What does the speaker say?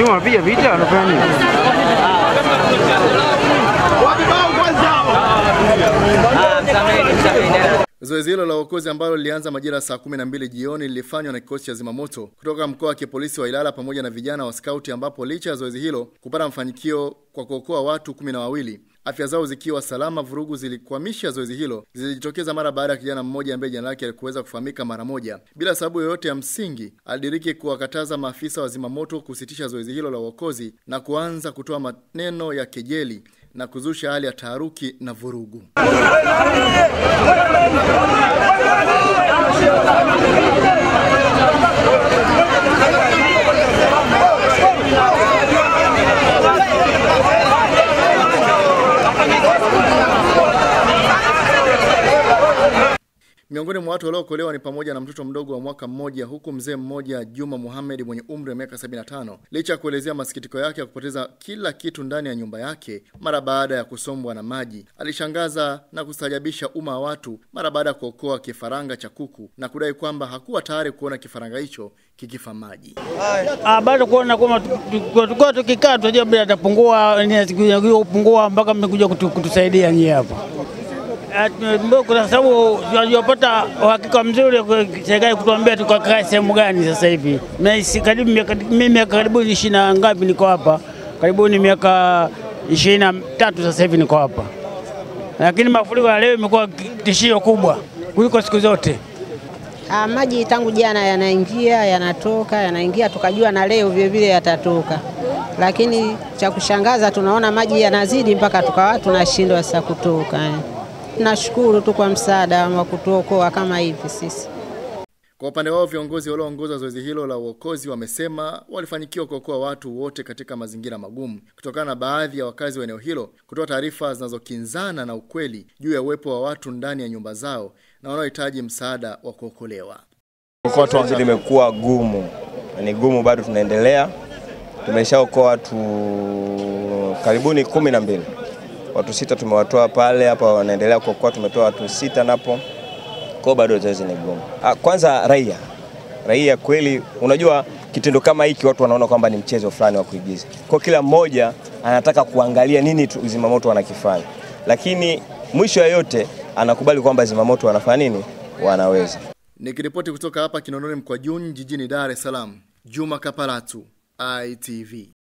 You via, via, be a VJ, Zoezi hilo la uokozi ambalo lilianza majira saa 12 jioni lilifanywa na kikosi cha zimamoto kutoka mkoa wa kipolisi wa Ilala pamoja na vijana wa skauti ambapo licha ya zoezi hilo kupata mfanikio kwa kuokoa watu kumi na wawili afya zao zikiwa salama. Vurugu zilikwamisha zoezi hilo zilijitokeza mara baada ya kijana mmoja ambaye jina lake alikuweza kufahamika mara moja bila sababu yoyote ya msingi alidiriki kuwakataza maafisa wa zimamoto kusitisha zoezi hilo la uokozi na kuanza kutoa maneno ya kejeli na kuzusha hali ya taharuki na vurugu Miongoni mwa watu waliokolewa ni pamoja na mtoto mdogo wa mwaka mmoja huku mzee mmoja Juma Muhammad mwenye umri wa miaka 75 licha ya kuelezea masikitiko yake ya kupoteza kila kitu ndani ya nyumba yake mara baada ya kusombwa na maji. Alishangaza na kustajabisha umma wa watu mara baada ya kuokoa kifaranga cha kuku na kudai kwamba hakuwa tayari kuona kifaranga hicho kikifa maji. Ah, bado kuona kwamba tukikuwa tukikaa tunajua bila atapungua, upungua mpaka mmekuja kutusaidia nyie hapa kwa eh, sababu tunajapata uhakika mzuri serikali kutuambia tukakaa sehemu gani sasa hivi. Mimi miaka karibuni ishirini na ngapi niko hapa, karibuni miaka ishirini na tatu sasa hivi niko hapa, lakini mafuriko ya leo imekuwa tishio kubwa kuliko siku zote. Ah, maji tangu jana yanaingia yanatoka yanaingia, tukajua na leo vilevile yatatoka, lakini cha kushangaza tunaona maji yanazidi mpaka tukawa tunashindwa sasa kutoka eh tunashukuru tu kwa msaada wa kutuokoa kama hivi sisi. Kwa upande wao viongozi walioongoza zoezi hilo la uokozi wamesema walifanikiwa kuokoa watu wote katika mazingira magumu kutokana na baadhi ya wakazi wa eneo hilo kutoa taarifa zinazokinzana na ukweli juu ya uwepo wa watu ndani ya nyumba zao na wanaohitaji msaada wa kuokolewa. Okoa limekuwa gumu, ni gumu, bado tunaendelea. Tumeshaokoa watu karibuni kumi na mbili watu sita tumewatoa pale, hapa wanaendelea kuokoa, tumetoa watu sita napo kwa bado zoezi ni gumu. Ah, kwanza raia raia kweli, unajua kitendo kama hiki watu wanaona kwamba ni mchezo fulani wa kuigiza, kwa kila mmoja anataka kuangalia nini zimamoto wanakifanya, lakini mwisho ya yote anakubali kwamba zimamoto wanafanya nini, wanaweza. Nikiripoti kutoka hapa Kinondoni Mkwajuni, jijini Dar es Salaam, Juma Kapalatu, ITV.